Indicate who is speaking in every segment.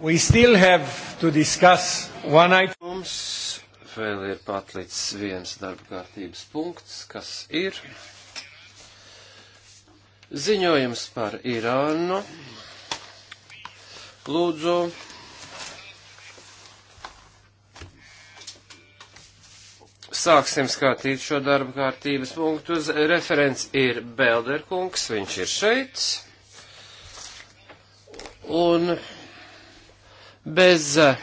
Speaker 1: We still have to discuss one item. Mums vēl ir patlicis viens darba kārtības punkts, kas ir ziņojums par Irānu. Lūdzu. Sāksim skatīt šo darba kārtības punktu. Referents ir Belderkungs, viņš ir šeit. Un Bez eh,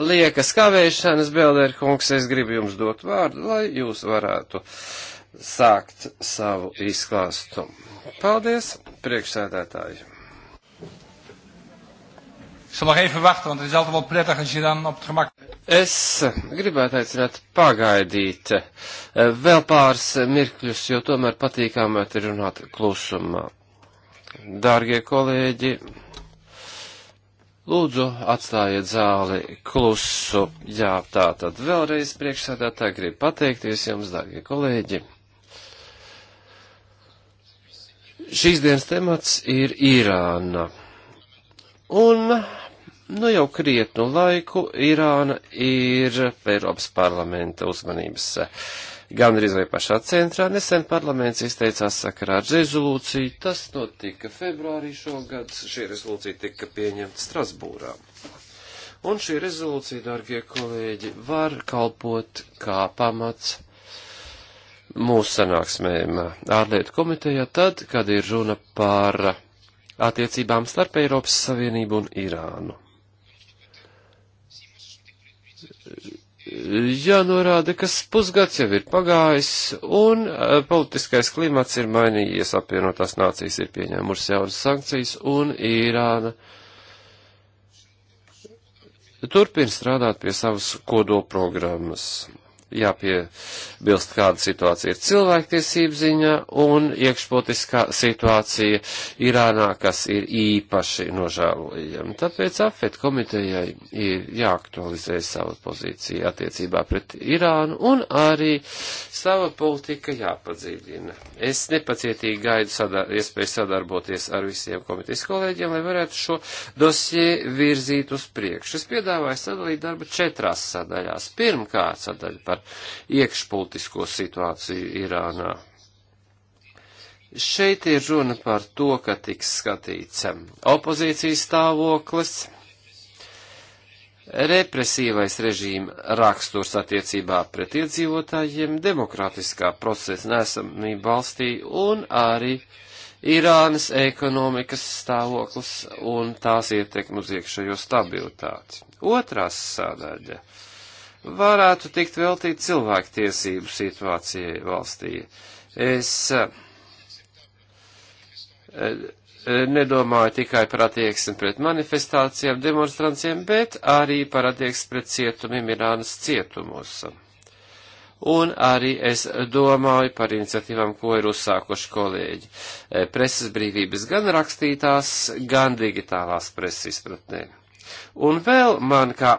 Speaker 1: liekas kavēšanas, Belderkungs, es gribu jums dot vārdu, lai jūs varētu sākt savu izklāstu. Paldies, priekšsēdētāji! Es gribētu aicināt pagaidīt eh, vēl pāris mirkļus, jo tomēr patīkām ir runāt klusumā. Dārgie kolēģi, Lūdzu, atstājiet zāli klusu. Jā, tā tad vēlreiz priekšsēdētāji grib pateikties jums, dārgie kolēģi. Šīs dienas temats ir Irāna. Un, nu jau krietnu laiku Irāna ir Eiropas parlamenta uzmanības gan arī vai pašā centrā. Nesen parlaments izteicās sakarā ar rezolūciju. Tas notika februārī šogad. Šī rezolūcija tika pieņemta Strasbūrā. Un šī rezolūcija, dārgie kolēģi, var kalpot kā pamats mūsu sanāksmēm ārlietu komitejā tad, kad ir runa par attiecībām starp Eiropas Savienību un Irānu jānorāda, ka pusgads jau ir pagājis, un eh, politiskais klimats ir mainījies, apvienotās nācijas ir pieņēmušas jaunas sankcijas, un Irāna turpina strādāt pie savas kodoprogrammas jāpiebilst, kāda situācija ir cilvēktiesība ziņā un iekšpolitiskā situācija Irānā, kas ir īpaši nožēlojama. Tāpēc afet komitejai ir jāaktualizē savu pozīciju attiecībā pret Irānu un arī sava politika jāpadziļina. Es nepacietīgi gaidu sadar iespēju sadarboties ar visiem komitejas kolēģiem, lai varētu šo dosie virzīt uz priekšu. Es piedāvāju sadalīt darbu četrās sadaļās. Pirmkārt, sadaļa par iekšpolitisko situāciju Irānā. Šeit ir runa par to, ka tiks skatīts opozīcijas stāvoklis, represīvais režīma raksturs attiecībā pret iedzīvotājiem, demokrātiskā procesa nesamība valstī un arī Irānas ekonomikas stāvoklis un tās ietekmi uz iekšējo stabilitāti. Otrās sādaļa varētu tikt veltīt cilvēktiesību situācijai valstī. Es eh, eh, nedomāju tikai par attieksmi pret manifestācijām, demonstranciem, bet arī par attieksmi pret cietumiem Irānas cietumos. Un arī es domāju par iniciatīvām, ko ir uzsākuši kolēģi. Eh, preses brīvības gan rakstītās, gan digitālās preses izpratnē. Un vēl man kā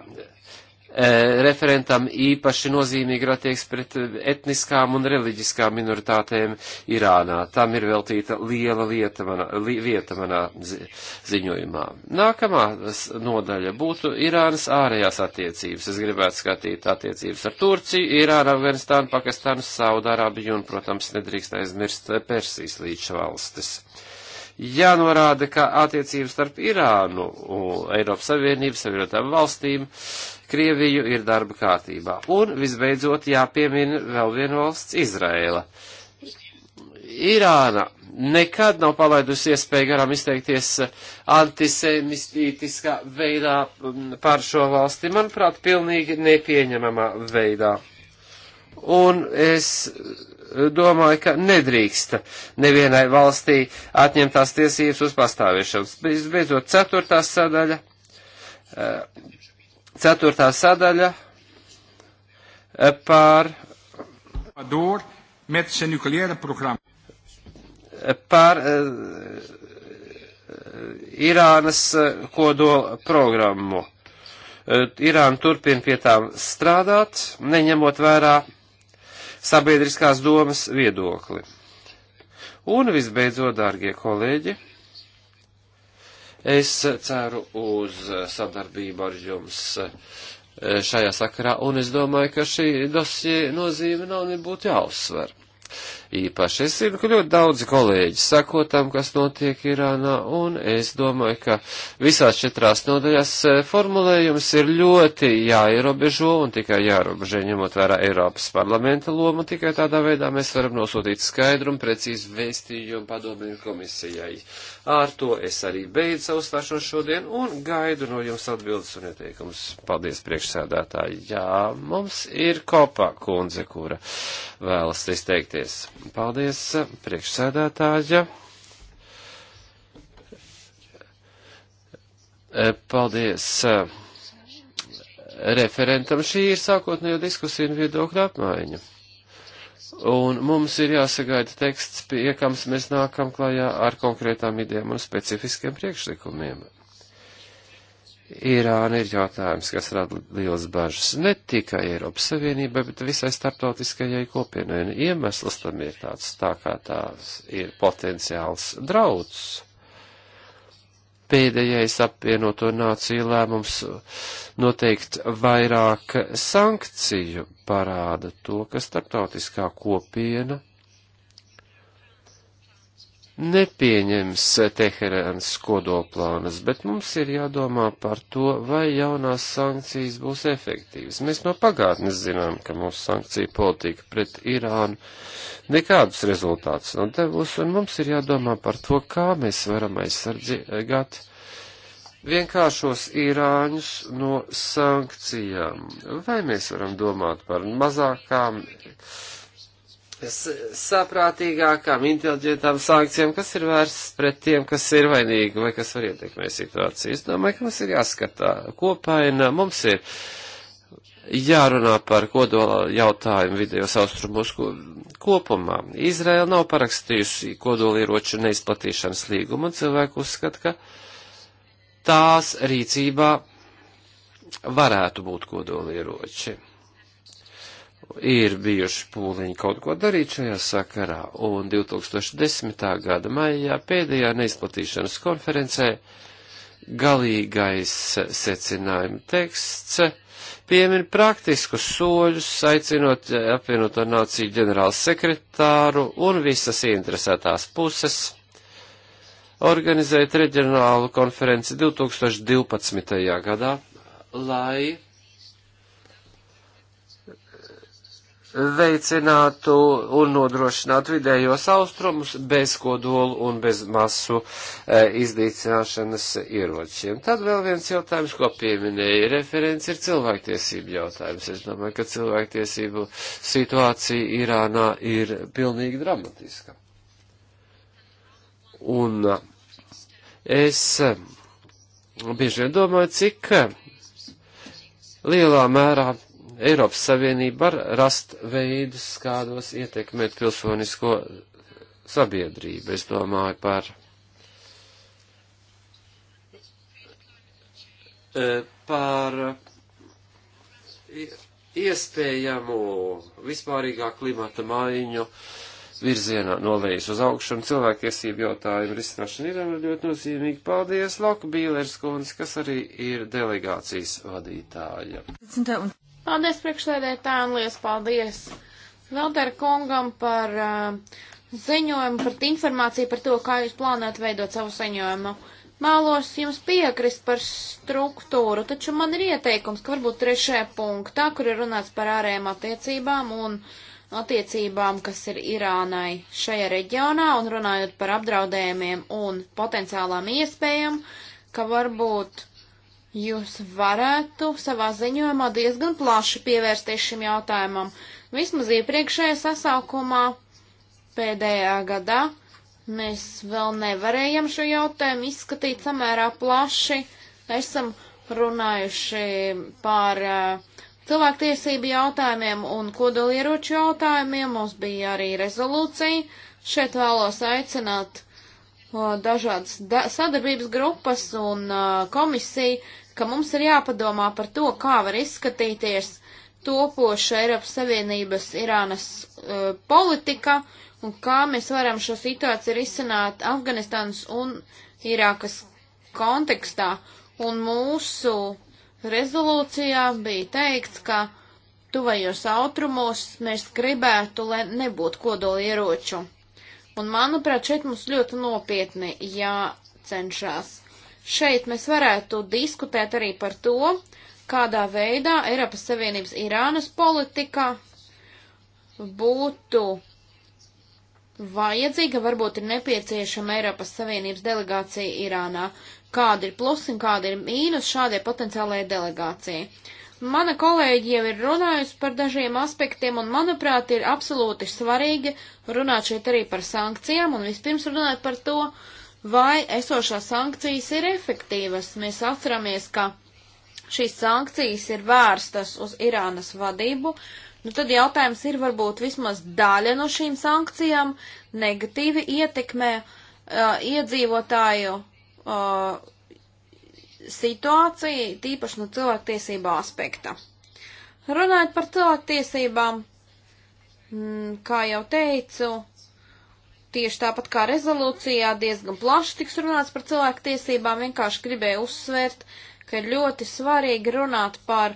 Speaker 1: Eh, referentam īpaši nozīmīgi ir attieks pret eh, etniskām un reliģiskām minoritātēm Irānā. Tam ir veltīta liela lieta manā, li, vieta manā ziņojumā. Nākamā nodaļa būtu Irānas ārējās attiecības. Es gribētu skatīt attiecības ar Turciju, Irānu, Afganistānu, Pakistānu, Saudārābiju un, protams, nedrīkst aizmirst Persijas līča valstis jānorāda, ka attiecības starp Irānu un Eiropas Savienību, Savienotām valstīm, Krieviju ir darba kārtībā. Un visbeidzot jāpiemina vēl viena valsts - Izraela. Irāna nekad nav palaidusi iespēju garām izteikties antisemistiskā veidā mm, par šo valsti, manuprāt, pilnīgi nepieņemamā veidā. Un es domāju, ka nedrīksta nevienai valstī atņemtās tiesības uz pastāvēšanas. Beidzot, ceturtā sadaļa. Eh, ceturtā sadaļa eh, par. Door met zijn nucleaire programma. Eh, par Irānas kodola programmu. Irāna turpina pie tām strādāt, neņemot vērā sabiedriskās domas viedokli. Un visbeidzot, dārgie kolēģi, es ceru uz sadarbību ar jums eh, šajā sakarā, un es domāju, ka šī dosie nozīme nav nebūtu jāuzsver īpaši. Es zinu, ka ļoti daudzi kolēģi sako tam, kas notiek Irānā, un es domāju, ka visās četrās nodaļās e, formulējums ir ļoti jāierobežo un tikai jāierobežo, ņemot vērā Eiropas parlamenta lomu, tikai tādā veidā mēs varam nosūtīt skaidru un precīzu vēstījumu padomju komisijai. Ar to es arī beidzu savu stāšanos šodien un gaidu no jums atbildes un ieteikumus. Paldies, priekšsēdētāji. Jā, mums ir kopā kundze, kura vēlas izteikties. Paldies, priekšsēdētāja. E, paldies e, referentam. Šī ir sākotnējo diskusiju un viedokļu apmaiņa. Un mums ir jāsagaida teksts, pie kams mēs nākam klajā ar konkrētām idejām un specifiskiem priekšlikumiem. Irāna ir jautājums, kas rada lielas bažas ne tikai Eiropas Savienībai, bet visai starptautiskajai kopienai. Un iemesls tam ir tāds, tā kā tās ir potenciāls drauds. Pēdējais apvienoto nāciju lēmums noteikt vairāk sankciju parāda to, ka starptautiskā kopiena nepieņems Teherēnas kodoplānas, bet mums ir jādomā par to, vai jaunās sankcijas būs efektīvas. Mēs no pagātnes zinām, ka mūsu sankcija politika pret Irānu nekādus rezultātus nav devusi, un mums ir jādomā par to, kā mēs varam aizsargāt vienkāršos īrāņus no sankcijām. Vai mēs varam domāt par mazākām saprātīgākām, inteliģentām sankcijām, kas ir vērsts pret tiem, kas ir vainīgi vai kas var ietekmēt situāciju. Es domāju, ka mums ir jāskatā kopaina, mums ir jārunā par kodola jautājumu vidējos austrumos kopumā. Izraela nav parakstījusi kodola ieroču neizplatīšanas līgumu, un cilvēku uzskata, ka tās rīcībā varētu būt kodola ieroči ir bijuši pūliņi kaut ko darīt šajā sakarā, un 2010. gada maijā pēdējā neizplatīšanas konferencē galīgais secinājuma teksts piemin praktiskus soļus, aicinot apvienoto nāciju ģenerālu sekretāru un visas ieinteresētās puses organizēt reģionālu konferenci 2012. gadā, lai veicinātu un nodrošinātu vidējos austrumus bez kodolu un bez masu e, iznīcināšanas ieročiem. Tad vēl viens jautājums, ko pieminēja referents, ir cilvēktiesību jautājums. Es domāju, ka cilvēktiesību situācija Irānā ir pilnīgi dramatiska. Un e, es e, bieži vien domāju, cik e, lielā mērā Eiropas Savienība var rast veidus, kādos ietekmēt pilsonisko sabiedrību. Es domāju par e, par iespējamu vispārīgā klimata maiņu virzienā nolējas uz augšu, un cilvēktiesību jautājumu risināšana ir ļoti nozīmīga. Paldies, Loka Bīlers kundze, kas arī ir delegācijas vadītāja.
Speaker 2: Paldies priekšsēdētājiem, liels paldies Velder kungam par uh, ziņojumu, par informāciju par to, kā jūs plānojat veidot savu ziņojumu. Mēlos jums piekrist par struktūru, taču man ir ieteikums, ka varbūt trešajā punktā, kur ir runāts par ārējām attiecībām un attiecībām, kas ir Irānai šajā reģionā, un runājot par apdraudējumiem un potenciālām iespējām, ka varbūt jūs varētu savā ziņojumā diezgan plaši pievērsties šim jautājumam. Vismaz iepriekšējā sasaukumā pēdējā gadā mēs vēl nevarējam šo jautājumu izskatīt samērā plaši. Esam runājuši par uh, cilvēktiesību jautājumiem un kodolieroču jautājumiem. Mums bija arī rezolūcija. Šeit vēlos aicināt uh, dažādas da sadarbības grupas un uh, komisiju ka mums ir jāpadomā par to, kā var izskatīties topoša Eiropas Savienības Irānas uh, politika un kā mēs varam šo situāciju risināt Afganistānas un Irākas kontekstā. Un mūsu rezolūcijā bija teikts, ka tuvajos autrumos mēs gribētu, lai nebūtu kodoli ieroču. Un manuprāt, šeit mums ļoti nopietni jācenšas. Šeit mēs varētu diskutēt arī par to, kādā veidā Eiropas Savienības Irānas politika būtu vajadzīga, varbūt ir nepieciešama Eiropas Savienības delegācija Irānā. Kāda ir plus un kāda ir mīnus šādai potenciālajai delegācijai? Mana kolēģi jau ir runājusi par dažiem aspektiem, un manuprāt, ir absolūti svarīgi runāt šeit arī par sankcijām, un vispirms runāt par to, uh, vai esošās sankcijas ir efektīvas. Mēs atceramies, ka šīs sankcijas ir vērstas uz Irānas vadību, Nu, tad jautājums ir, varbūt vismaz daļa no šīm sankcijām negatīvi ietekmē uh, iedzīvotāju uh, situāciju, tīpaši no cilvēktiesību aspekta. Runājot par cilvēktiesībām, m, mm, kā jau teicu, tieši tāpat kā rezolūcijā diezgan plaši tiks runāts par cilvēku tiesībām, vienkārši gribēju uzsvērt, ka ir ļoti svarīgi runāt par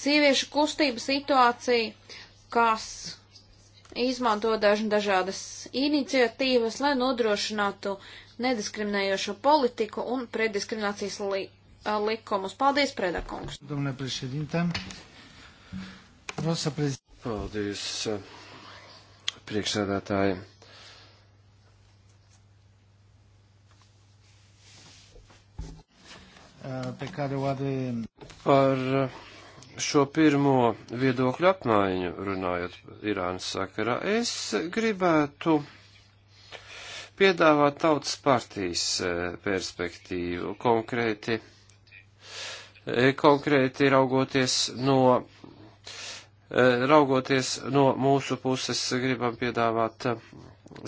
Speaker 2: sieviešu kustību situāciju, kas izmanto dažna dažādas iniciatīvas, lai nodrošinātu nediskriminējošo politiku un preddiskriminācijas li likumus. Paldies, Predakungs!
Speaker 1: Paldies, priekšsēdētāji! pe care o are. Par šo pirmo viedokļu apmaiņu runājot Irānas sakarā, es gribētu piedāvāt tautas partijas e, perspektīvu konkrēti, e, konkrēti raugoties no, e, raugoties no mūsu puses, gribam piedāvāt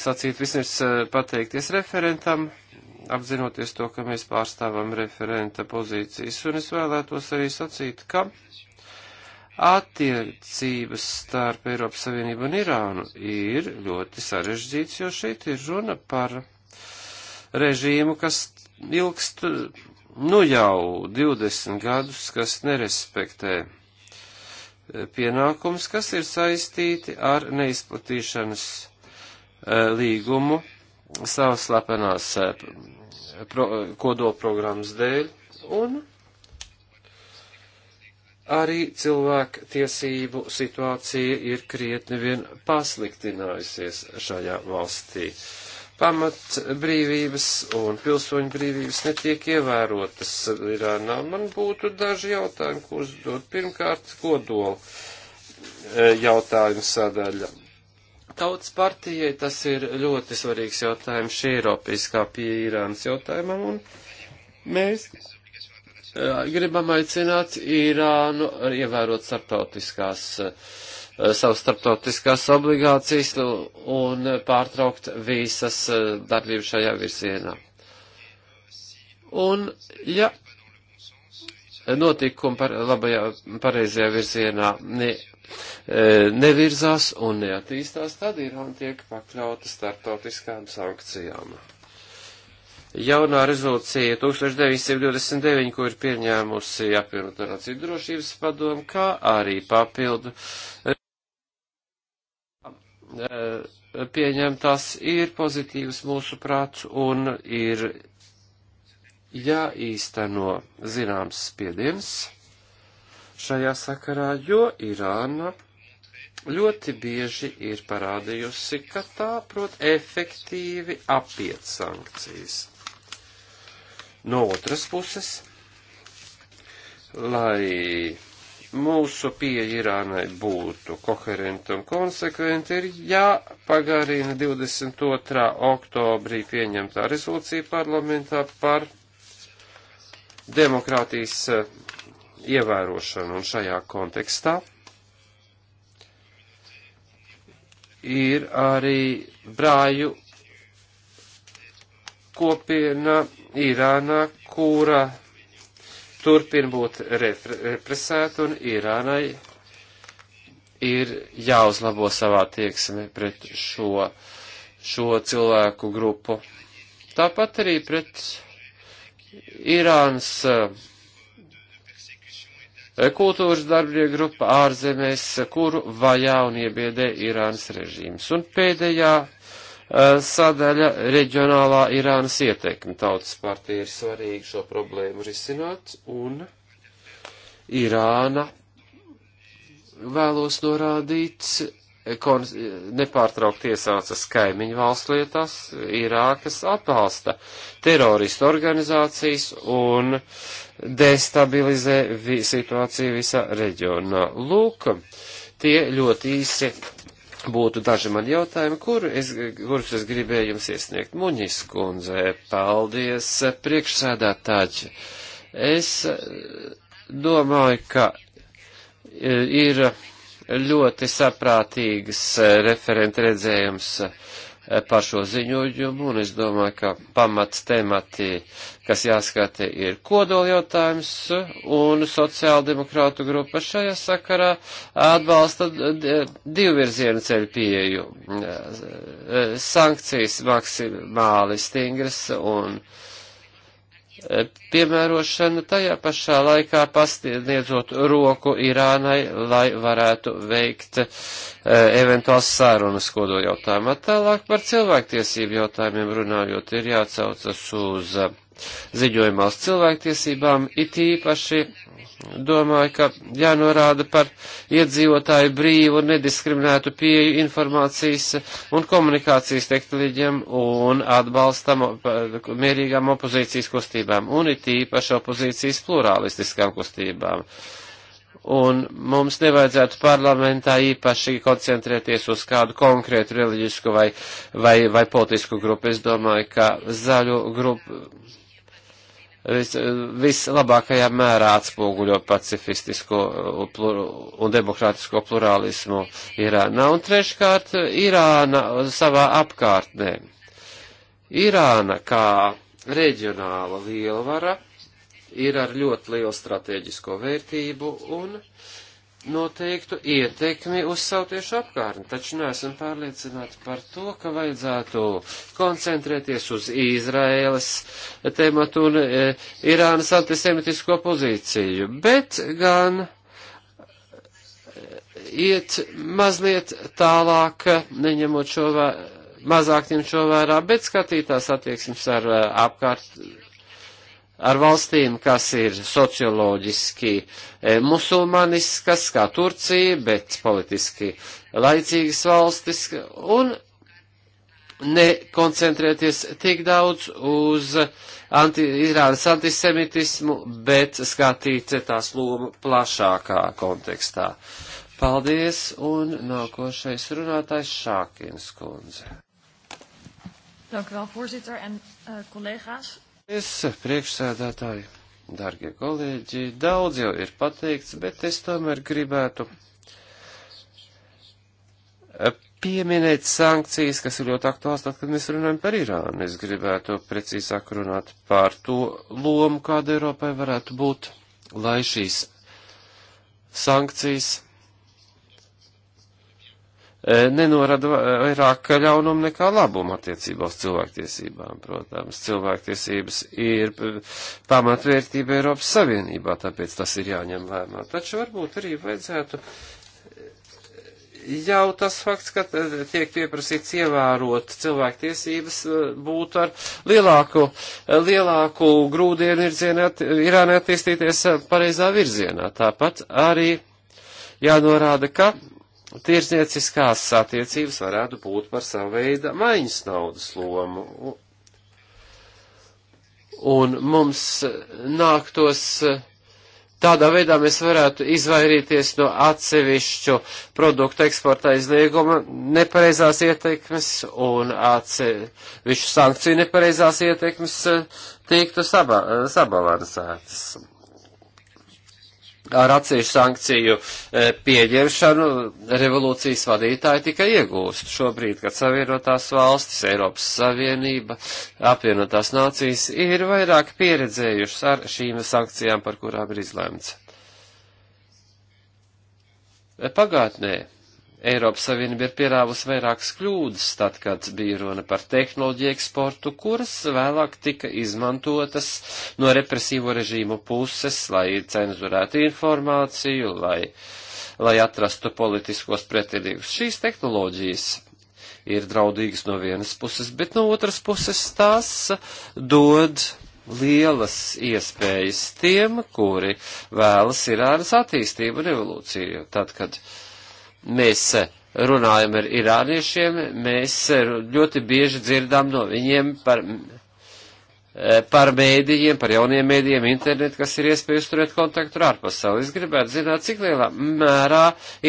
Speaker 1: sacīt vismaz pateikties referentam apzinoties to, ka mēs pārstāvam referenta pozīcijas, un es vēlētos arī sacīt, ka attiecības starp Eiropas Savienību un Irānu ir ļoti sarežģīts, jo šeit ir runa par režīmu, kas ilgst nu jau 20 gadus, kas nerespektē pienākums, kas ir saistīti ar neizplatīšanas eh, līgumu savas slepenās eh, pro, kodolprogrammas dēļ un arī cilvēku tiesību situācija ir krietni vien pasliktinājusies šajā valstī. Pamat brīvības un pilsoņu brīvības netiek ievērotas Irānā. Man būtu daži jautājumi, ko uzdot. Pirmkārt, kodola eh, jautājuma sadaļa Tautas partijai tas ir ļoti svarīgs jautājums šī Eiropiskā pieeja Irānas jautājumam, un mēs gribam aicināt Irānu ievērot starptautiskās, savas starptautiskās obligācijas un pārtraukt visas darbības šajā virzienā. Un, ja notikumi par labajā, pareizajā virzienā ne, E, nevirzās un neattīstās, tad Irāna tiek pakļauta startautiskām sankcijām. Jaunā rezolūcija 1929, ko ir pieņēmusi apvienotā nāciju drošības padomu, kā arī papildu e, pieņemtas ir pozitīvas mūsu prāts un ir jāīsteno zināms spiediens šajā sakarā, jo Irāna ļoti bieži ir parādījusi, ka tā prot efektīvi apiet sankcijas. No otras puses, lai mūsu pieeja Irānai būtu koherenta un konsekventa, ir jāpagarina 22. oktobrī pieņemtā rezolūcija parlamentā par demokrātijas ievērošanu. Un šajā kontekstā ir arī brāļu kopiena Irānā, kura turpina būt represēta un Irānai ir jāuzlabo savā tieksme pret šo, šo cilvēku grupu. Tāpat arī pret Irānas uh, kultūras darbinieku grupa ārzemēs, kuru vajā un iebiedē Irānas režīms. Un pēdējā e, sadaļa - reģionālā Irānas ietekme. Tautas partija ir svarīgi šo problēmu risināt, un Irāna vēlos norādīt nepārtraukt iesācas kaimiņu valsts lietās, Irākas atbalsta teroristu organizācijas un uh, destabilizē vi situāciju visā reģionā. Lūk, tie ļoti īsi būtu daži mani jautājumi, kuru es, kurus es gribēju jums iesniegt. Muņis kundze, paldies, priekšsēdētāji. Es eh, domāju, ka eh, ir ļoti saprātīgs eh, referenta redzējums par šo ziņojumu, un es domāju, ka pamats temati, kas jāskata, ir kodoli jautājums, un sociāldemokrātu grupa šajā sakarā atbalsta divvirzienu ceļu pieeju. Sankcijas maksimāli stingras un uh, piemērošana tajā pašā laikā pastiedzot roku Irānai, lai varētu veikt e, eventuāls sārunas kodo jautājumā. Tālāk par cilvēktiesību jautājumiem runājot ir jācaucas uz e, ziņojumā uz cilvēktiesībām, it īpaši domāju, ka jānorāda par iedzīvotāju brīvu un nediskriminētu pieju informācijas un komunikācijas tehnoloģiem un atbalstam mierīgām opozīcijas kustībām un it īpaši opozīcijas plurālistiskām kustībām. Un mums nevajadzētu parlamentā īpaši koncentrēties uz kādu konkrētu reliģisku vai, vai, vai politisku grupu. Es domāju, ka zaļo grupu vis, vislabākajā mērā atspoguļo pacifistisko pluru, un demokrātisko plurālismu Irānā. Un treškārt, Irāna savā apkārtnē. Irāna kā reģionāla lielvara ir ar ļoti lielu strateģisko vērtību un uh, noteiktu ietekmi uz savu tiešu apkārtni, taču neesam pārliecināti par to, ka vajadzētu koncentrēties uz Izraēlas tematu un e, Irānas antisemitisko pozīciju, bet gan e, iet mazliet tālāk, neņemot šo vērā, mazāk ņemt šo vērā, bet skatītās attieksmes ar e, apkārt ar valstīm, kas ir socioloģiski e, musulmaniskas, kā Turcija, bet politiski laicīgas valstis, un nekoncentrēties tik daudz uz anti, Irānas antisemitismu, bet skatīt tās lomu plašākā kontekstā. Paldies, un nākošais runātājs Šākins kundze.
Speaker 3: Dank u wel, voorzitter en uh, collega's.
Speaker 1: Es priekšsēdētāji, dārgie kolēģi, daudz jau ir pateikts, bet es tomēr gribētu pieminēt sankcijas, kas ir ļoti aktuāls, tad, kad mēs runājam par Irānu. Es gribētu precīzāk runāt par to lomu, kāda Eiropai varētu būt, lai šīs sankcijas E, nenorada vairāk ļaunumu nekā labumu attiecībā uz cilvēktiesībām. Protams, cilvēktiesības ir pamatvērtība Eiropas Savienībā, tāpēc tas ir jāņem vērā. Taču varbūt arī vajadzētu jau tas fakts, ka e, tiek pieprasīts ievērot cilvēktiesības, e, būtu ar lielāku, lielāku grūdienu Irānai attīstīties pareizā virzienā. Tāpat arī jānorāda, ka tirsnieciskās attiecības varētu būt par savu veidu maiņas naudas lomu. Un mums nāktos tādā veidā mēs varētu izvairīties no atsevišķu produktu eksporta aizlieguma nepareizās ietekmes un atsevišķu sankciju nepareizās ietekmes tiktu sabalansētas. Saba ar atsevišķu sankciju e, pieņemšanu revolūcijas vadītāji tikai iegūst. Šobrīd, kad Savienotās valstis, Eiropas Savienība, apvienotās nācijas ir vairāk pieredzējušas ar šīm sankcijām, par kurām ir izlēmts. E, pagātnē Eiropas Savienība ir pierāvusi vairākas kļūdas, tad, kad bija runa par tehnoloģiju eksportu, kuras vēlāk tika izmantotas no represīvo režīmu puses, lai cenzurētu informāciju, lai, lai atrastu politiskos pretendīgus. Šīs tehnoloģijas ir draudīgas no vienas puses, bet no otras puses tās dod lielas iespējas tiem, kuri vēlas Irānas attīstību un evolūciju. Tad, kad mēs eh, runājam ar irāniešiem, mēs eh, ļoti bieži dzirdām no viņiem par, eh, par mēdījiem, par jauniem mēdījiem internetu, kas ir iespēja uzturēt kontaktu ar ārpasauli. Es gribētu zināt, cik lielā mērā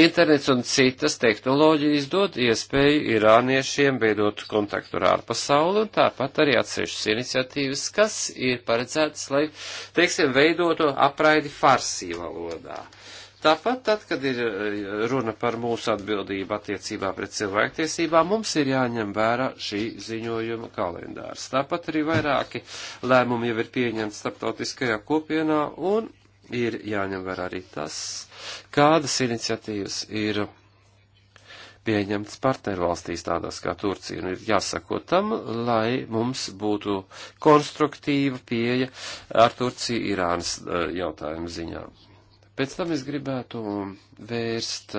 Speaker 1: internets un citas tehnoloģijas dod iespēju irāniešiem veidot kontaktu ar ārpasauli un tāpat arī atsevišķas iniciatīvas, kas ir paredzētas, lai, teiksim, veidotu apraidi farsī valodā. Tāpat tad, kad ir eh, runa par mūsu atbildību attiecībā pret cilvēktiesībām, mums ir jāņem vērā šī ziņojuma kalendārs. Tāpat arī vairāki lēmumi jau ir pieņemti starptautiskajā kopienā un ir jāņem vērā arī tas, kādas iniciatīvas ir pieņemtas partnervalstīs tādās kā Turcija. Un ir jāsako tam, lai mums būtu konstruktīva pieeja ar Turciju Irānas eh, jautājumu ziņām. Pēc tam es gribētu vērst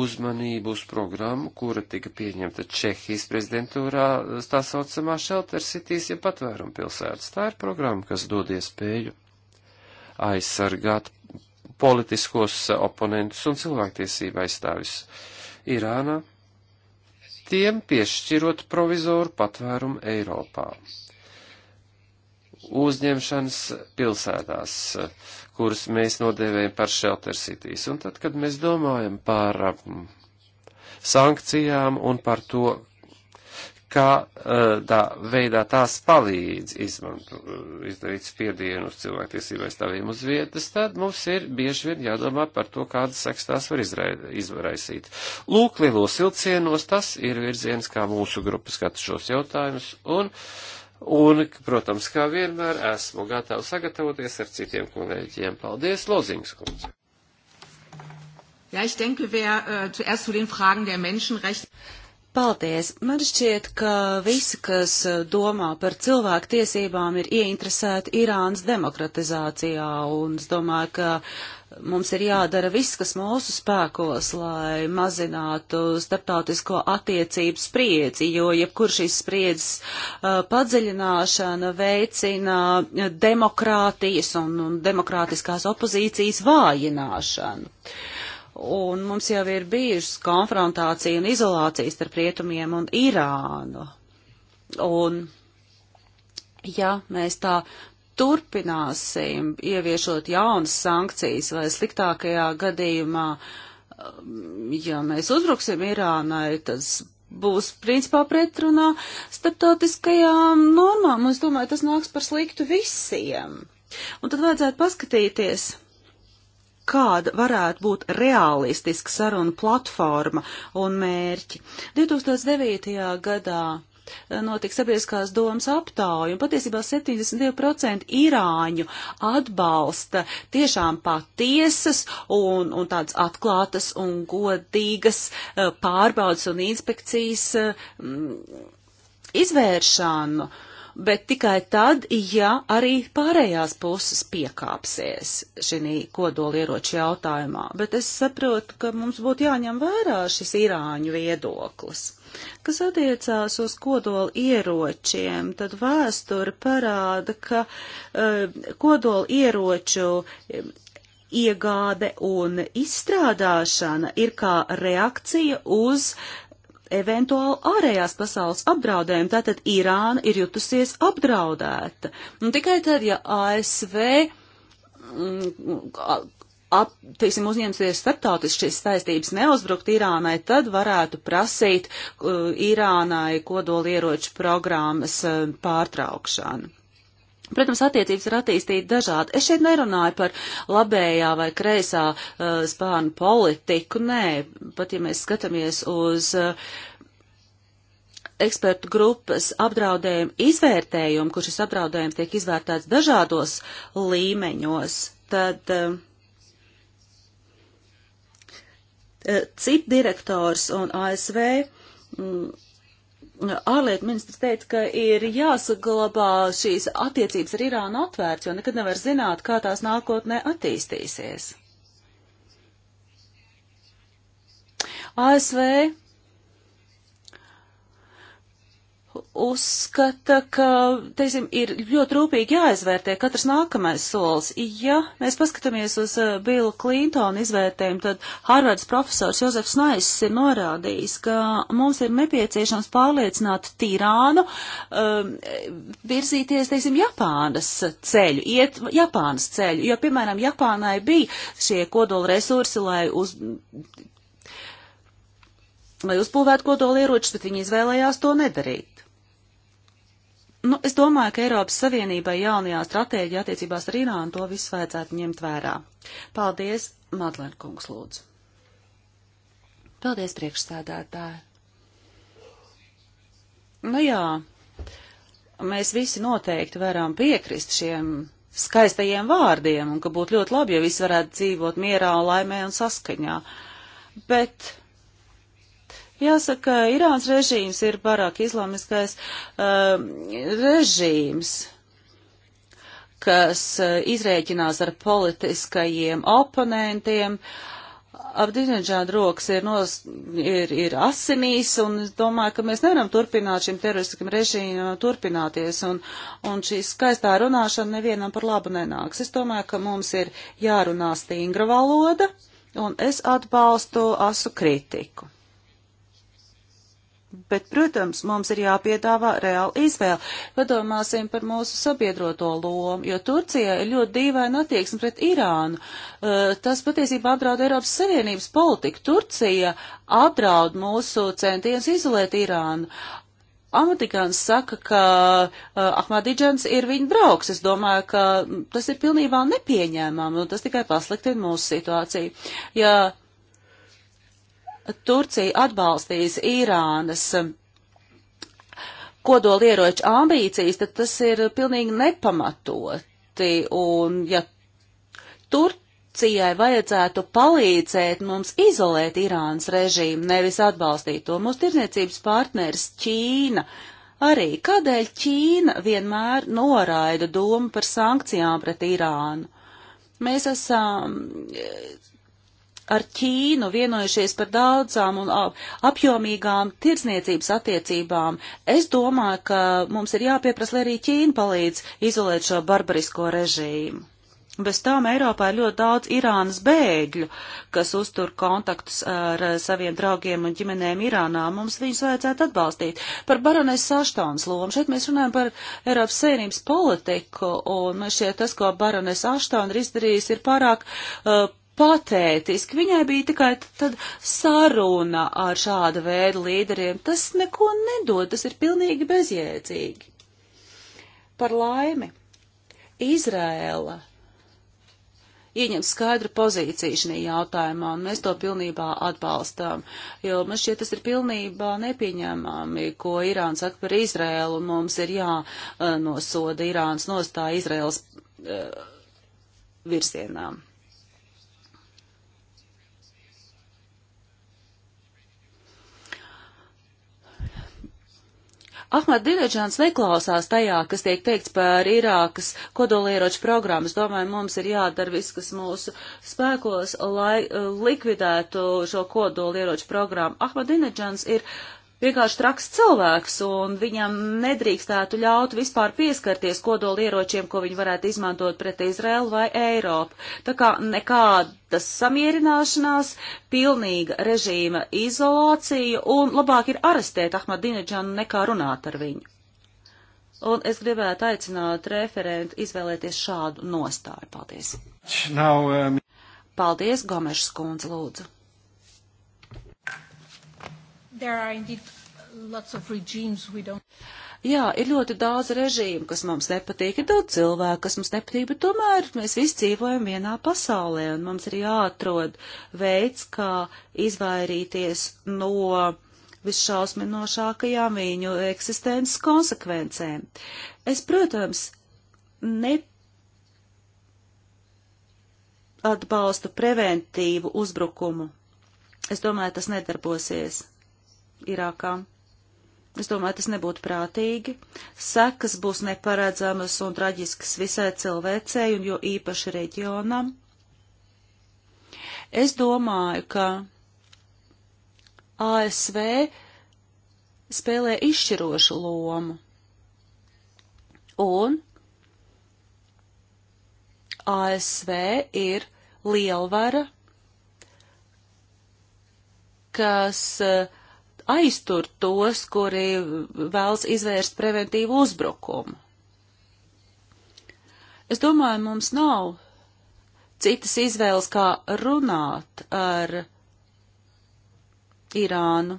Speaker 1: uzmanību uz programmu, kura tika pieņemta Čehijas prezidentūrā, tā saucamā Shelter Cities, ja patvērum pilsētas. Tā ir programma, kas dod iespēju aizsargāt politiskos oponentus un cilvēktiesību aizstāvis Irānā, tiem piešķirot provizoru patvērumu Eiropā. Uzņemšanas pilsētās, kurus mēs nodēvējam par shelter cities. Un tad, kad mēs domājam par um, sankcijām un par to, kādā uh, veidā tās palīdz izmantu, uh, izdarīt spiedienu uz cilvēktiesību aizstāvjiem uz vietas, tad mums ir bieži vien jādomā par to, kādas seks tās var izraisīt. Lūk, lielos ilcienos tas ir virziens, kā mūsu grupa skata šos jautājumus, un uh, Un, protams, kā vienmēr, esmu gatavs sagatavoties ar citiem kolēģiem. Paldies, Lozings kundze!
Speaker 3: Ja, ich denke, wer äh, zuerst zu den Fragen der Menschenrechte. Paldies! Man šķiet, ka visi, kas äh, domā par cilvēku tiesībām, ir ieinteresēti Irānas demokratizācijā, un es domāju, ka Mums ir jādara viss, kas mūsu spēkos, lai mazinātu starptautisko attiecību spriedzi, jo jebkur šīs spriedzes padziļināšana veicina demokrātijas un, un demokrātiskās opozīcijas vājināšanu. Un mums jau ir bijušas konfrontācija un izolācijas starp rietumiem un Irānu. Un, ja mēs tā turpināsim ieviešot jaunas sankcijas vai sliktākajā gadījumā, um, ja mēs uzbruksim Irānai, tas būs principā pretrunā starptautiskajām normām, un es domāju, tas nāks par sliktu visiem. Un tad vajadzētu paskatīties, kāda varētu būt realistiska saruna platforma un mērķi. 2009. gadā notiks sabiedriskās domas aptāju, un patiesībā 72% irāņu atbalsta tiešām patiesas un, un tādas atklātas un godīgas eh, pārbaudas un inspekcijas eh, izvēršanu. Bet tikai tad, ja arī pārējās puses piekāpsies šī kodolieroču jautājumā. Bet es saprotu, ka mums būtu jāņem vērā šis irāņu viedoklis. Kas attiecās uz kodola ieročiem, tad vēsture parāda, ka uh, kodola ieroču e, iegāde un izstrādāšana ir kā reakcija uz eventuāli ārējās pasaules apdraudējumu. Tātad Irāna ir jutusies apdraudēta. Un tikai tad, ja ASV mm, ap, teiksim, uzņemsies starptautiskas saistības neuzbrukt Irānai, tad varētu prasīt uh, Irānai kodolieroču programmas uh, pārtraukšanu. Protams, attiecības ir attīstīta dažādi. Es šeit nerunāju par labējā vai kreisā uh, spārnu politiku, nē, pat ja mēs skatāmies uz uh, ekspertu grupas apdraudējumu izvērtējumu, kur šis apdraudējums tiek izvērtēts dažādos līmeņos, tad uh, Eh, CIP direktors un ASV mm, ārlietu ministrs teica, ka ir jāsaglabā šīs attiecības ar Irānu atvērts, jo nekad nevar zināt, kā tās nākotnē attīstīsies. ASV uzskata, ka, teiksim, ir ļoti rūpīgi jāizvērtē katrs nākamais solis. Ja mēs paskatāmies uz eh, Bila Klintona izvērtējumu, tad Harvards profesors Jozefs Naiss ir norādījis, ka mums ir nepieciešams pārliecināt tirānu, um, virzīties, teiksim, Japānas ceļu, iet Japānas ceļu, jo, piemēram, Japānai bija šie kodola resursi, lai uz lai uzbūvētu kodolieročus, bet viņi izvēlējās to nedarīt. Nu, es domāju, ka Eiropas Savienībai jaunajā stratēģija attiecībās ar Irānu to visu vajadzētu ņemt vērā. Paldies, Madlēn kungs, lūdzu. Paldies, priekšsēdētāji. Nu jā, mēs visi noteikti varam piekrist šiem skaistajiem vārdiem un ka būtu ļoti labi, ja visi varētu dzīvot mierā un laimē un saskaņā. Bet Jāsaka, Irāns režīms ir pārāk islamiskais uh, režīms kas uh, izrēķinās ar politiskajiem oponentiem. Abdiņģēda rokas ir, nos, ir, ir asinīs, un es domāju, ka mēs nevaram turpināt šim teroristiskam režīmam turpināties, un, un šī skaistā runāšana nevienam par labu nenāks. Es domāju, ka mums ir jārunā stingra valoda, un es atbalstu asu kritiku. Bet, protams, mums ir jāpiedāvā reāla izvēle. Padomāsim par mūsu sabiedroto lomu, jo Turcija ir ļoti dīvaina attieksme pret Irānu. Uh, tas patiesībā apdraud Eiropas Savienības politiku. Turcija apdraud mūsu centienus izolēt Irānu. Amatikāns saka, ka uh, Ahmadīdžans ir viņa draugs. Es domāju, ka mm, tas ir pilnībā nepieņēmām, un tas tikai pasliktina mūsu situāciju. Ja Turcija atbalstīs Irānas um, kodolieroču ambīcijas, tad tas ir pilnīgi nepamatoti. Un ja Turcijai vajadzētu palīdzēt mums izolēt Irānas režīmu, nevis atbalstīt to, mūsu tirdzniecības partneris Ķīna. Arī kādēļ Ķīna vienmēr noraida domu par sankcijām pret Irānu? Mēs esam ar Ķīnu vienojušies par daudzām un apjomīgām tirdzniecības attiecībām. Es domāju, ka mums ir jāpieprasa, lai arī Ķīna palīdz izolēt šo barbarisko režīmu. Bez tām Eiropā ir ļoti daudz Irānas bēgļu, kas uztur kontaktus ar eh, saviem draugiem un ģimenēm Irānā. Mums viņus vajadzētu atbalstīt. Par baronēs Aštons lomu. Šeit mēs runājam par Eiropas savienības politiku, un man šķiet tas, ko baronēs Aštons ir izdarījis, ir pārāk uh, patētiski. Viņai bija tikai tad saruna ar šāda veida līderiem. Tas neko nedod, tas ir pilnīgi bezjēdzīgi. Par laimi, Izrēla ieņem skaidru pozīciju šajā jautājumā, un mēs to pilnībā atbalstām, jo man šķiet tas ir pilnībā nepieņemami, ko Irāna saka par Izrēlu, un mums ir jānosoda eh, Irānas nostāja Izrēlas uh, eh, virsienām. Ahmad Dileģants neklausās tajā, kas tiek teikts par Irākas kodolieroču programmas. Domāju, mums ir jādara viss, kas mūsu spēkos, lai uh, likvidētu šo kodolieroču programmu. Ahmad Dileģants ir uh, vienkārši traks cilvēks, un viņam nedrīkstētu ļaut vispār pieskarties kodoli ieročiem, ko viņi varētu izmantot pret Izraelu vai Eiropu. Tā kā nekādas samierināšanās, pilnīga režīma izolācija, un labāk ir arestēt Ahmadineģanu nekā runāt ar viņu. Un es gribētu aicināt referentu izvēlēties šādu nostāju. Paldies! Nav, um... Paldies, Gomešs kundze, lūdzu!
Speaker 2: There are indeed lots of regimes we don't.
Speaker 3: Jā, ir ļoti daudz režīmu, kas mums nepatīk, ir daudz cilvēku, kas mums nepatīk, bet tomēr mēs visi dzīvojam vienā pasaulē, un mums ir jāatrod veids, kā izvairīties no visšausminošākajām viņu eksistences konsekvencēm. Es, protams, ne atbalstu preventīvu uzbrukumu. Es domāju, tas nedarbosies. Irākā. Es domāju, tas nebūtu prātīgi. Sekas būs neparedzamas un traģiskas visai cilvēcei, un jo īpaši reģionam. Es domāju, ka ASV spēlē izšķirošu lomu. Un ASV ir lielvara, kas uh, aiztur tos, kuri vēlas izvērst preventīvu uzbrukumu. Es domāju, mums nav citas izvēles, kā runāt ar Irānu.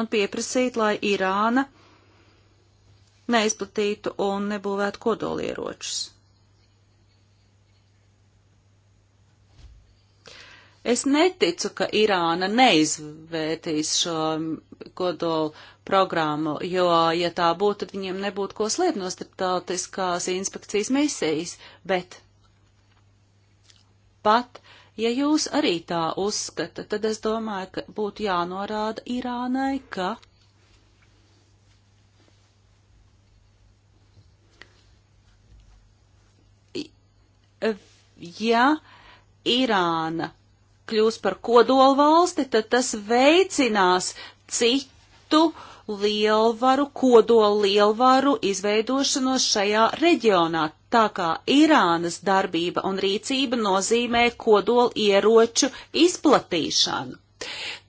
Speaker 3: Un pieprasīt, lai Irāna neizplatītu un nebūvētu kodolieročus. Es neticu, ka Irāna neizvērtīs šo kodolu programmu, jo, ja tā būtu, tad viņiem nebūtu ko slēpt no starptautiskās inspekcijas misijas. Bet pat, ja jūs arī tā uzskata, tad es domāju, ka būtu jānorāda Irānai, ka ja Irāna kļūs par kodolu valsti, tad tas veicinās citu lielvaru, kodolu lielvaru izveidošanos šajā reģionā, tā kā Irānas darbība un rīcība nozīmē kodolu ieroču izplatīšanu.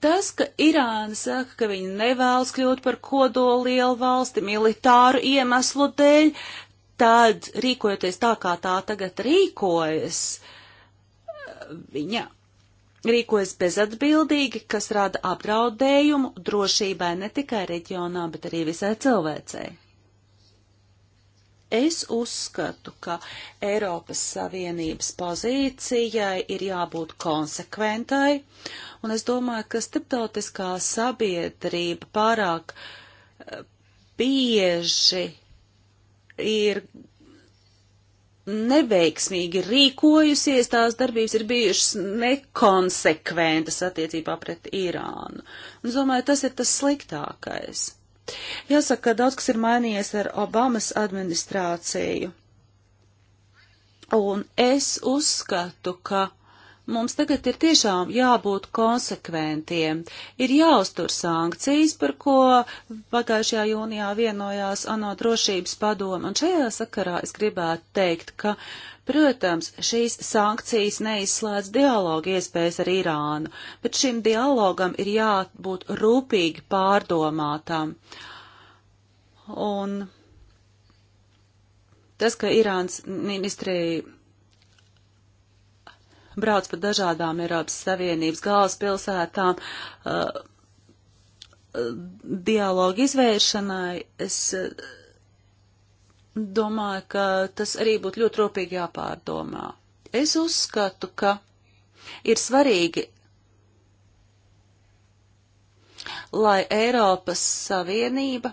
Speaker 3: Tas, ka Irāna saka, ka viņa nevēlas kļūt par kodolu lielu valsti militāru iemeslu dēļ, tad rīkojoties tā, kā tā tagad rīkojas, viņa rīkojas bezatbildīgi, kas rada apdraudējumu drošībai ne tikai reģionā, bet arī visai cilvēcei. Es uzskatu, ka Eiropas Savienības pozīcijai ir jābūt konsekventai, un es domāju, ka starptautiskā sabiedrība pārāk eh, bieži ir neveiksmīgi rīkojusies, tās darbības ir bijušas nekonsekventas attiecībā pret Irānu. Un es domāju, tas ir tas sliktākais. Jāsaka, ka daudz kas ir mainījies ar Obamas administrāciju. Un es uzskatu, ka Mums tagad ir tiešām jābūt konsekventiem. Ir jāuztur sankcijas, par ko pagājušajā jūnijā vienojās ANO drošības padoma. Un šajā sakarā es gribētu teikt, ka, protams, šīs sankcijas neizslēdz dialogu iespējas ar Irānu, bet šim dialogam ir jābūt rūpīgi pārdomātam. Un tas, ka Irāns ministrija brauc pa dažādām Eiropas Savienības galvaspilsētām uh, uh dialogu izvēršanai, es uh, domāju, ka tas arī būtu ļoti rūpīgi jāpārdomā. Es uzskatu, ka ir svarīgi, lai Eiropas Savienība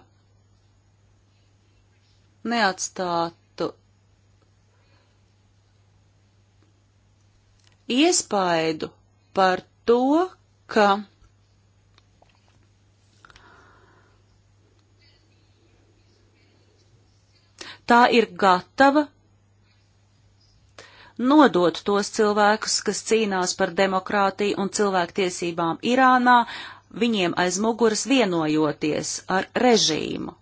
Speaker 3: neatstāt iespaidu par to, ka tā ir gatava nodot tos cilvēkus, kas cīnās par demokrātiju un cilvēktiesībām Irānā, viņiem aiz muguras vienojoties ar režīmu.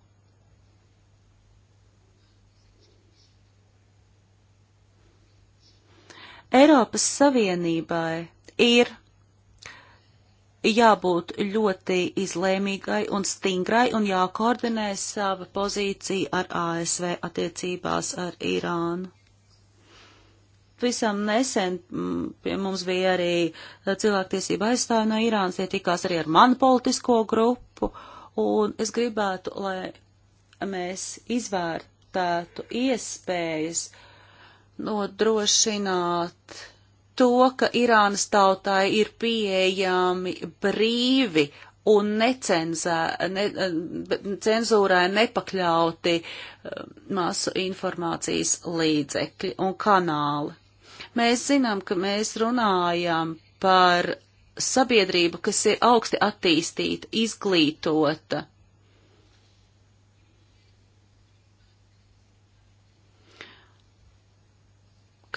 Speaker 3: Eiropas Savienībai ir jābūt ļoti izlēmīgai un stingrai un jākoordinē sava pozīcija ar ASV attiecībās ar Irānu. Visam nesen mm, pie mums bija arī eh, cilvēktiesība aizstāvi no Irānas, tie tikās arī ar manu politisko grupu, un es gribētu, lai mēs izvērtētu iespējas uh, nodrošināt to, ka Irānas tautai ir pieejami brīvi un necenzē, ne, cenzūrai nepakļauti um, masu informācijas līdzekļi un kanāli. Mēs zinām, ka mēs runājam par sabiedrību, kas ir augsti attīstīta, izglītota,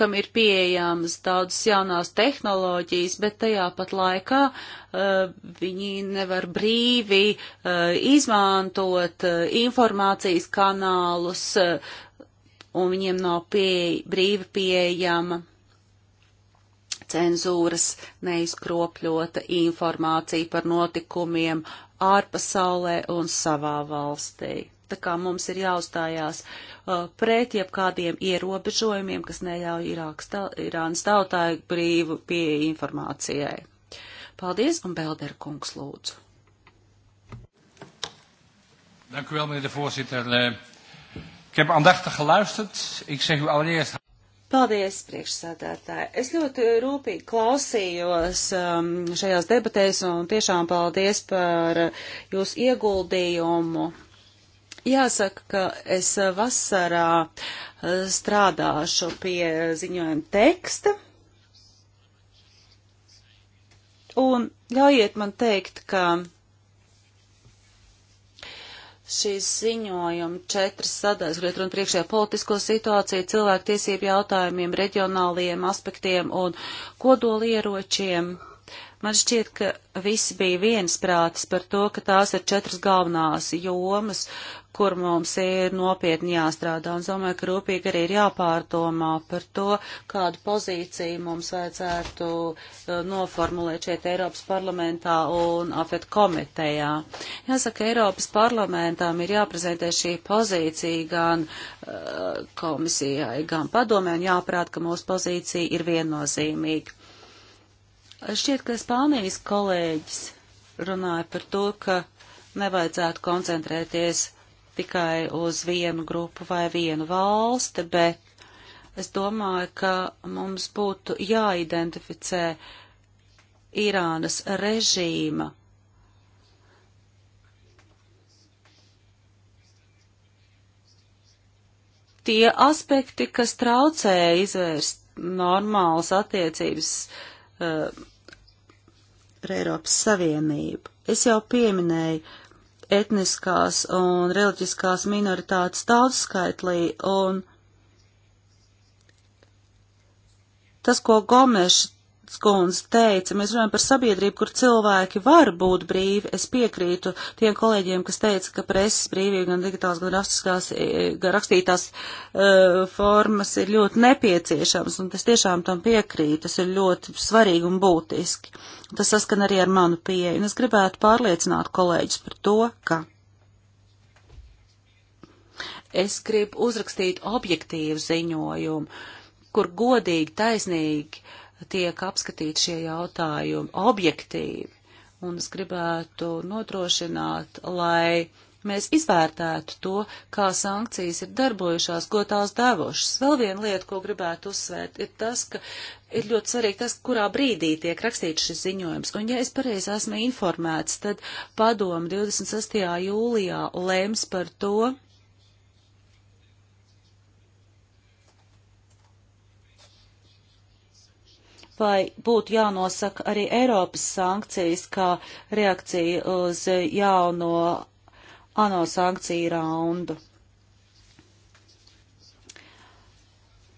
Speaker 3: kam ir pieejamas daudzas jaunās tehnoloģijas, bet tajā pat laikā uh, viņi nevar brīvi uh, izmantot uh, informācijas kanālus, uh, un viņiem nav pie, brīvi pieejama cenzūras neizkropļota informācija par notikumiem ārpasaulē un savā valstī tā kā mums ir jāuzstājās uh, pret jebkādiem ierobežojumiem, kas neļauj Irākas, Irānas tautāju brīvu pieeja informācijai. Paldies, un Belder kungs lūdzu.
Speaker 1: Dank u wel, meneer de voorzitter. Eh, ik heb aandachtig geluisterd. Ik zeg u allereerst.
Speaker 3: Paldies, priekšsādātāji. Es ļoti rūpīgi klausījos um, šajās debatēs un tiešām paldies par jūsu ieguldījumu Jāsaka, ka es eh, vasarā eh, strādāšu pie ziņojuma teksta. Un ļaujiet man teikt, ka šīs ziņojuma četras sadaļas, kur ir runa priekšējā politisko situāciju, cilvēktiesību jautājumiem, reģionāliem aspektiem un kodolieročiem. Man šķiet, ka visi bija viensprātis par to, ka tās ir četras galvenās jomas, kur mums ir nopietni jāstrādā. Un domāju, ka rūpīgi arī ir jāpārdomā par to, kādu pozīciju mums vajadzētu uh, noformulēt šeit Eiropas parlamentā un AFET komitejā. Jāsaka, Eiropas parlamentām ir jāprezentē šī pozīcija gan uh, komisijai, gan padomē, un jāprāt, ka mūsu pozīcija ir viennozīmīga. Šķiet, ka Spānijas kolēģis runāja par to, ka nevajadzētu koncentrēties tikai uz vienu grupu vai vienu valsti, bet es domāju, ka mums būtu jāidentificē Irānas režīma tie aspekti, kas traucē izvērst normālas attiecības uh, eh, ar Eiropas Savienību. Es jau pieminēju etniskās un reliģiskās minoritātes daudzskaitlī, un tas, ko Gomeša skundze teica, mēs runājam par sabiedrību, kur cilvēki var būt brīvi. Es piekrītu tiem kolēģiem, kas teica, ka preses brīvība gan digitālās, gan rakstiskās, e, gan rakstītās uh, formas ir ļoti nepieciešams, un es tiešām tam piekrītu. Tas ir ļoti svarīgi un būtiski. Tas saskan arī ar manu pieeju, un es gribētu pārliecināt kolēģis par to, ka. Es gribu uzrakstīt objektīvu ziņojumu, kur godīgi, taisnīgi uh, tiek apskatīti šie jautājumi objektīvi. Un es gribētu nodrošināt, lai mēs izvērtētu to, kā sankcijas ir darbojušās, ko tās devušas. Vēl viena lieta, ko gribētu uzsvērt, ir tas, ka ir ļoti svarīgi tas, kurā brīdī tiek rakstīts šis ziņojums. Un, ja es pareizi esmu informēts, tad padomu 26. jūlijā lems par to, vai būtu jānosaka arī Eiropas sankcijas kā reakcija uz jauno ANO sankciju raundu.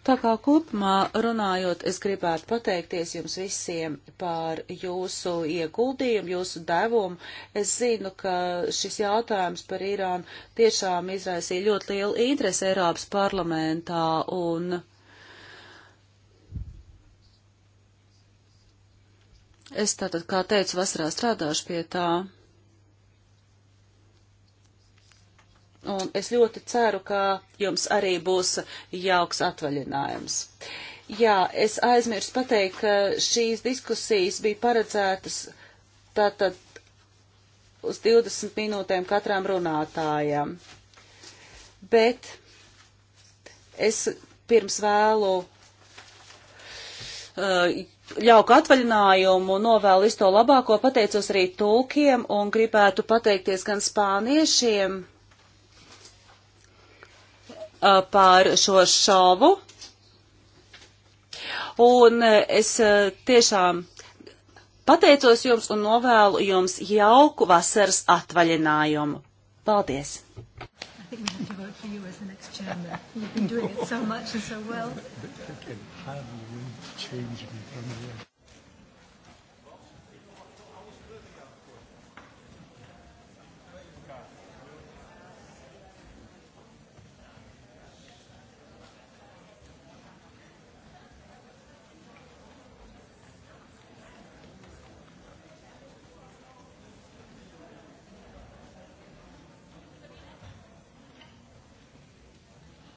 Speaker 3: Tā kā kopumā runājot, es gribētu pateikties jums visiem par jūsu ieguldījumu, jūsu devumu. Es zinu, ka šis jautājums par Irānu tiešām izraisīja ļoti lielu interesi Eiropas parlamentā un Es tātad, kā teicu, vasarā strādāšu pie tā. Un es ļoti ceru, ka jums arī būs jauks atvaļinājums. Jā, es aizmirsu pateikt, ka šīs diskusijas bija paredzētas tātad uz 20 minūtēm katram runātājam. Bet es pirms vēlu uh, jauku atvaļinājumu, novēlu visu to labāko, pateicos arī tulkiem un gribētu pateikties gan spāniešiem par šo šovu. Un es tiešām pateicos jums un novēlu jums jauku vasaras atvaļinājumu. Paldies!
Speaker 2: I think we have to vote for you as the next chairman.
Speaker 1: You've been doing it so much and so well.
Speaker 3: Can hardly change me. Amen.